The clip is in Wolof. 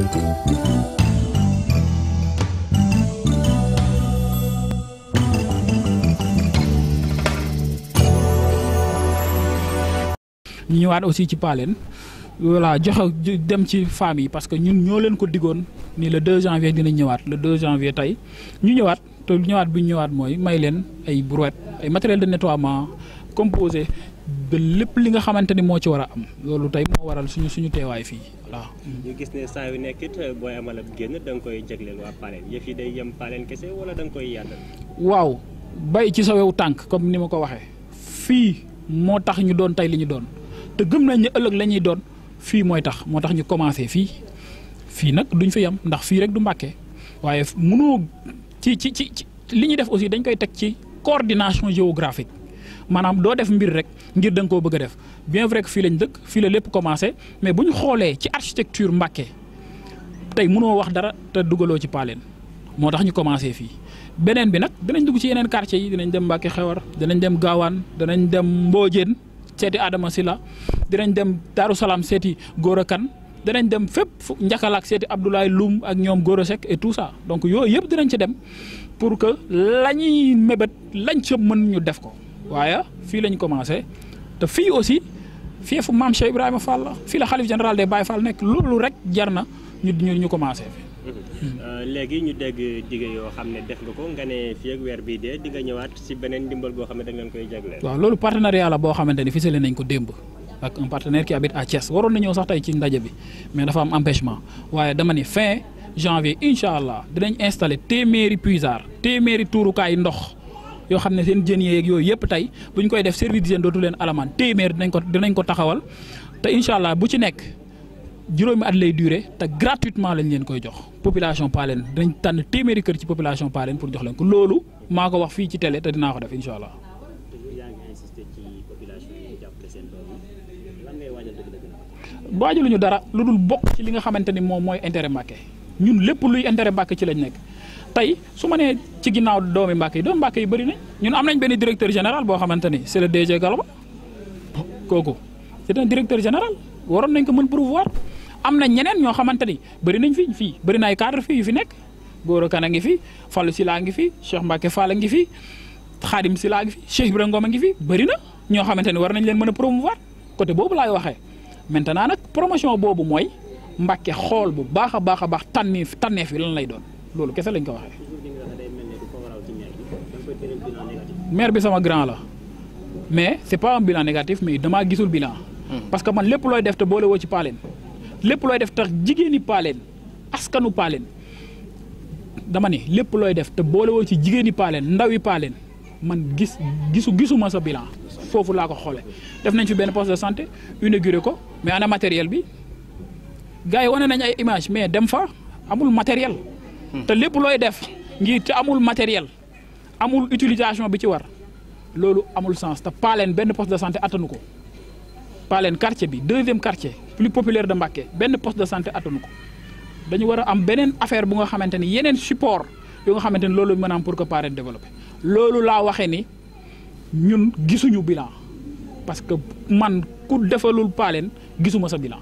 ñu ñëwaat aussi ci paaleen voilà joxe dem ci femmes yi parce que ñun ñoo leen ko digoon nii le 2 janvier dina ñëwaat le 2 janvier tey ñu ñëwaat te ñëwaat bi ñu ñëwaat mooy may leen ay brouettes ay matériel de nettoiement composé lépp li nga xamante ni moo ci war a am loolu tey moo waral suñu suñu teewaay fii waaw. ñu gis ne saa yu nekk it booy amal ab génn da nga koy jagleel waa Paleen yëf yi day yem wala da koy yàllal. waaw bay ci sa wew tànk comme ni ma ko waxee fii moo tax ñu doon tey li ñu doon te gëm nañ ne ëllëg lañuy doon fii mooy tax moo tax ñu commencé fii fii nag duñ fi yem ndax fii rek du Mbàkke waaye mënoo ci ci ci li ñuy def aussi dañ koy teg ci coordination géographique. maanaam doo def mbir rek ngir da nga koo bëgg a def bien vrai que fii lañ dëkk fii la lépp commencé mais bu ñu xoolee ci architecture Mbàkke tey munoo wax dara te dugaloo ci paaleen moo tax ñu commencé fii beneen bi nag danañ dugg ci yeneen quartier yi dinañ dem Mbàkke Xewar dinañ dem Gaawaan danañ dem Mbóojeen seeti Adama Sila dinañ dem Daaru Salaam seeti Gora Kane danañ dem fépp fu Njakalaak seeti Abdoulaye lum ak ñoom Gora Seck et tout ça donc yooyu yëpp dinañ ci dem pour que lañuy mébét lañ ca mën ñu def ko waaye fii lañ commencé te fii aussi fiefu maam Cheikh Ibrahima Fall la fii la xalif général des Baye Fall nekk loolu rek jar na ñu ñu ñu commencé fi mm-hmm. euh, léegi ñu dégg dige yoo xam ne def nga ko nga ne fii ak weer bii dee di ñëwaat si beneen ndimbal boo xam ne da ngeen koy jagleel. waaw loolu partenariat la boo xamante ni fisale nañ ko démb ak partenaire qui habite à Thiès waroon na ñëw sax tey ci ndaje bi mais dafa am empêchement waaye dama ni fin janvier incha allah dinañ installé téeméeri puisard téeméeri tuurukaayu ndox. yoo xam ne seen jën yeeg yooyu yëpp tey bu ñu koy def service d'hygiène dootu leen alamaan téeméer dinañ ko dinañ ko taxawal te incha allah bu ci nekk juróomi at lay duré te gratuitement lañ leen koy jox population Paleen dinañ tànn téeméeri kër ci population Paleen pour jox leen ko loolu maa ko wax fii ci tele te dinaa ko def incha allah. waajaluñu dara lu dul bokk ci li nga xamante ni moom mooy intérêt Mbacké ñun lépp luy intérêt Mbacké ci lañ nekk. tey su ma nee ci ginnaaw doomi Mbàkke yi doomi Mbàkke yi bëri nañ ñun am nañ benn directeur général boo xamante ni c'est le DG Galaba kooku c'est un directeur général waroon nañ ko mën pourvoir am na ñeneen ñoo xamante ni bëri nañ fi fii bëri na ay cadre fii yu fi nekk Gora Kane a ngi fi Fallou Sylla a ngi fi Cheikh Mbacke Fall a ngi fi Khadim Sylla a ngi fi Cheikh Ibrahima Ngom a ngi fi bëri na ñoo xamante ni war nañ leen mën a promouvoir côté boobu laay waxee maintenant nag promotion boobu mooy Mbacke xool bu baax a baax a baax tànneef tànneef yi lan lay doon loolu kese lañ ko waxee. maire bi sama grand la mais c' est pas un bilan négatif mais damaa gisul bilan. Hmm. parce que man lépp looy def te boole woo ci paaleen lépp looy def tax jigéeni paaleen askanu paaleen dama ne lépp looy def te boole woo ci jigéeni paaleen ndawi paaleen man gis gisu gisuma sa bilan foofu laa ko xoole def nañ fi benn poste de santé inauguré ko mais ana matériel bi gars yi wane nañ ay image mais dem fa amul matériel te lépp looy def ngir te amul matériel amul utilisation bi ci war loolu amul sens te paaleen benn poste de santé attanu ko paaleen quartier bi deuxième quartier plus populaire de Mbacké benn poste de santé attanu ko dañu war am beneen affaire bu nga xamante ni yeneen support yu nga xamante ni loolu mën a am pour que paaleen développé loolu laa waxe ni ñun gisuñu bilan parce que man ku defalul paaleen gisuma sa bilan